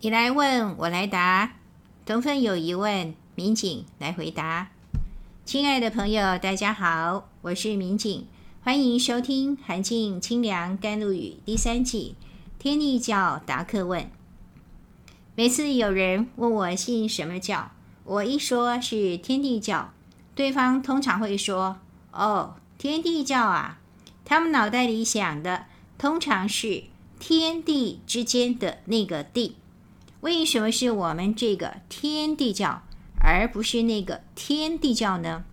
你來問我來答，同奮有疑問，敏警來回答。親愛的朋友，大家好，我是敏警，歡迎收聽《寒靜清涼甘露語》第三季《天帝教答客問》。每次有人問我信什麼教，我一說是天帝教，對方通常會說：“哦，天地教啊！”他們腦袋裡想的通常是天地之間的那個“地”。為什麼是我們這個天帝教，而不是那個天地教呢？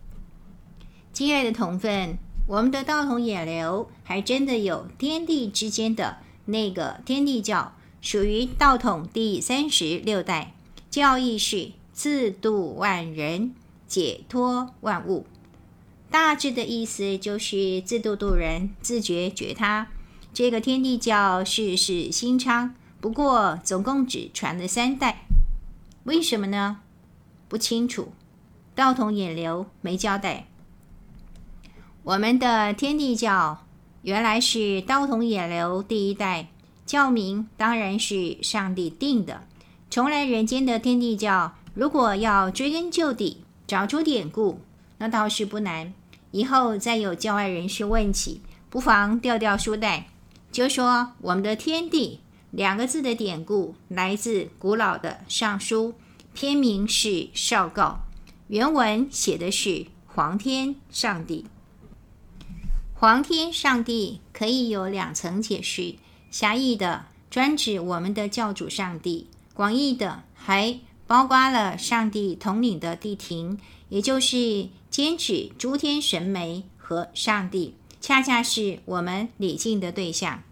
親愛的同奮，我們的道統衍流還真的有天地之間的那個天地教，屬於道統第三十六代，教義是自度萬人，解脫萬物。大致的意思就是自度度人，自覺覺他。這個天地教世世興昌。不過總共只傳了三代，為什麼呢？不清楚。道統衍流沒交代。我們的天帝教原來是道統衍流第一代教名，當然是上帝定的。重來人間的天帝教，如果要追根究底，找出典故，那倒是不難。以後再有教外人士問起，不妨掉掉書袋，就說我們的天帝。兩個字的典故來自古老的《尚書》，篇名是《召誥》。原文寫的是“皇天上帝”。皇天上帝可以有兩層解釋：狹義的專指我們的教主上帝；廣義的還包括了上帝統領的地庭，也就是兼指諸天神明和上帝。恰恰是我們禮敬的對象。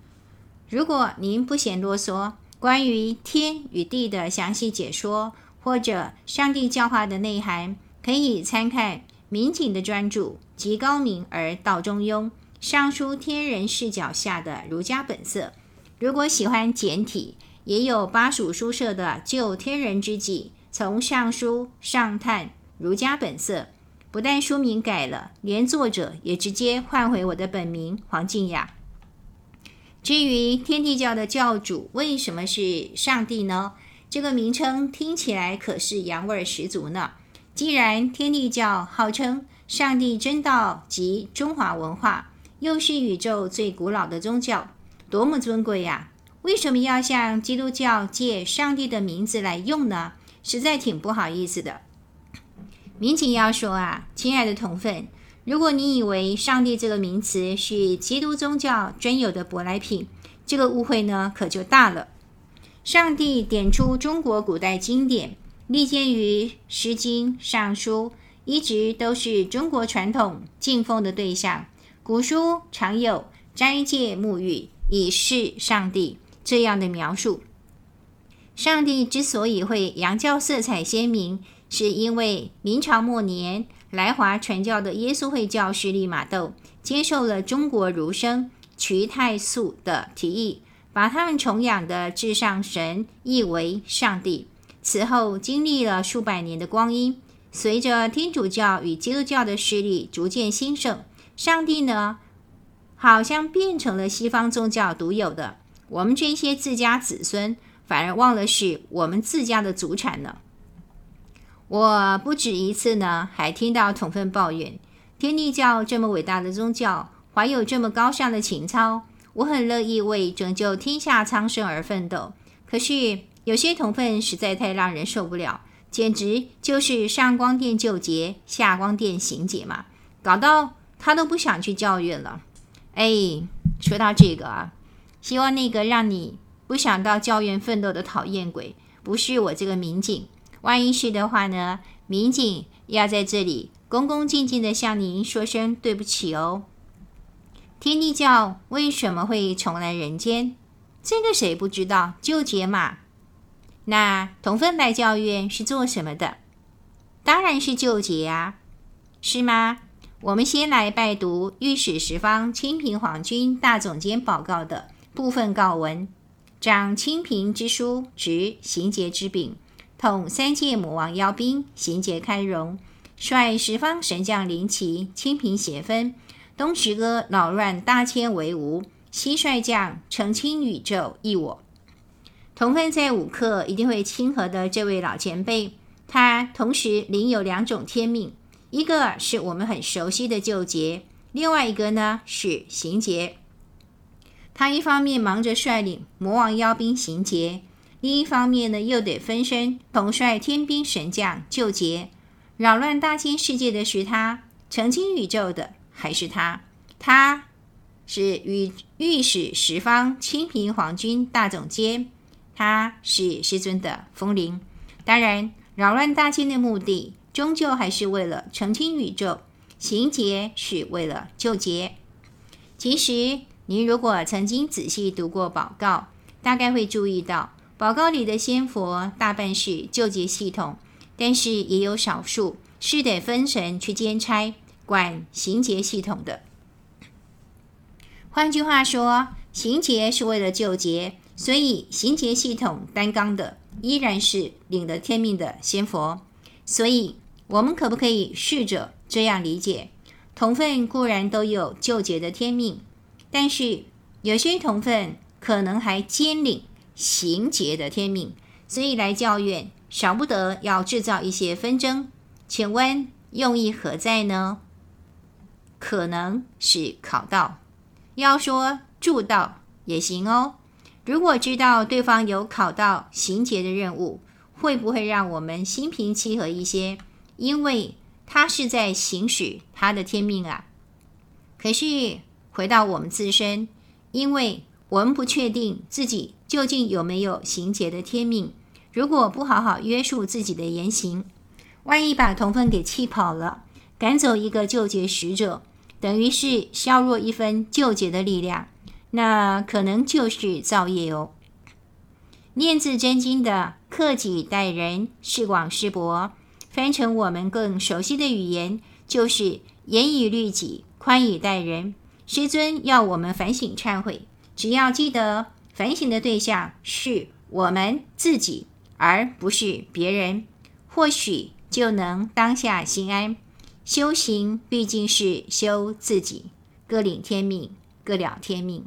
如果您不嫌囉嗦，關於天與帝的詳細解說，或者上帝教化的內涵，可以參看敏警的專著《極高明而道中庸》《尚書》天人視角下的儒家本色。如果喜歡簡體，也有巴蜀書社的《究天人之際：從尚書上探儒家本色》。不但書名改了，連作者也直接換回我的本名黃靖雅。至於天帝教的教主為什麼是上帝呢？這個名稱聽起來可是洋味兒十足呢。既然天帝教號稱“上帝真道”及中華文化，又是宇宙最古老的宗教，多麼尊貴呀、啊！為什麼要向基督教借上帝的名字來用呢？實在挺不好意思的。敏警要說啊，親愛的同奮。如果你以為“上帝”這個名詞是基督宗教專有的舶來品，這個誤會呢可就大了。上帝點出中國古代經典，歷見於《詩經》《尚書》，一直都是中國傳統敬奉的對象。古書常有“齋戒沐浴，以示上帝”這樣的描述。上帝之所以會洋教色彩鮮明。是因為明朝末年來華傳教的耶穌會教士利瑪竇接受了中國儒生瞿太素的提議，把他們崇仰的至上神譯為上帝。此後經歷了數百年的光陰，隨着天主教與基督教的勢力逐漸興盛，上帝呢，好像變成了西方宗教獨有的。我們這些自家子孫反而忘了是我們自家的祖產了。我不止一次呢，還聽到同奮抱怨：天帝教這麼偉大的宗教，懷有這麼高尚的情操，我很樂意為拯救天下蒼生而奮鬥。可是有些同奮實在太讓人受不了，簡直就是上光殿救劫，下光殿行劫嘛，搞到他都不想去教院了。哎，說到這個啊，希望那個讓你不想到教院奮鬥的討厭鬼，不是我這個敏警。萬一是的話呢？敏警要在這裡恭恭敬敬的向您說聲對不起哦。天帝教為什麼會重來人間？這個誰不知道？救劫嘛。那同奮來教院是做什麼的？當然是救劫啊，是嗎？我們先來拜讀御史十方清平皇君大總監報告的部分告文，掌清平之書執行節之柄。統三界魔王妖兵，行劫開容，率十方神將靈旗，清平邪氛，東池哥老亂大千為吾西帥將澄清宇宙一我。同奮在五克一定會親和的這位老前輩，他同時領有兩種天命，一個是我們很熟悉的救劫，另外一個呢是行劫。他一方面忙着率領魔王妖兵行劫。另一方面呢，又得分身統帥天兵神將救劫，擾亂大千世界的，是他，澄清宇宙的，還是他。他是與御，御史十方清平皇軍大總監，他是師尊的風鈴。當然，擾亂大千的目的，終究還是為了澄清宇宙；行劫是為了救劫。其實，您如果曾經仔細讀過寶誥，大概會注意到。寶誥裡的仙佛大半是救劫系統，但是也有少數是得分神去兼差管行劫系統的。換句話說，行劫是為了救劫，所以行劫系統擔綱的依然是領得天命的仙佛。所以，我們可不可以試着這樣理解：同奮固然都有救劫的天命，但是有些同奮可能還兼領。行劫的天命，所以來教院少不得要製造一些紛爭。請問用意何在呢？可能是考道，要說助道也行哦。如果知道對方有考道行劫的任務，會不會讓我們心平氣和一些？因為他是在行使他的天命啊。可是回到我們自身，因為。我們不確定自己究竟有沒有行劫的天命。如果不好好約束自己的言行，萬一把同奮給氣跑了，趕走一個救劫使者，等於是削弱一分救劫的力量，那可能就是造業哦。《廿字真經》的“克己待人，是廣是博”，翻成我們更熟悉的語言，就是嚴以律己，寬以待人。師尊要我們反省懺悔。只要記得反省的對象是我們自己，而不是別人，或許就能當下心安。修行畢竟是修自己，各領天命，各了天命。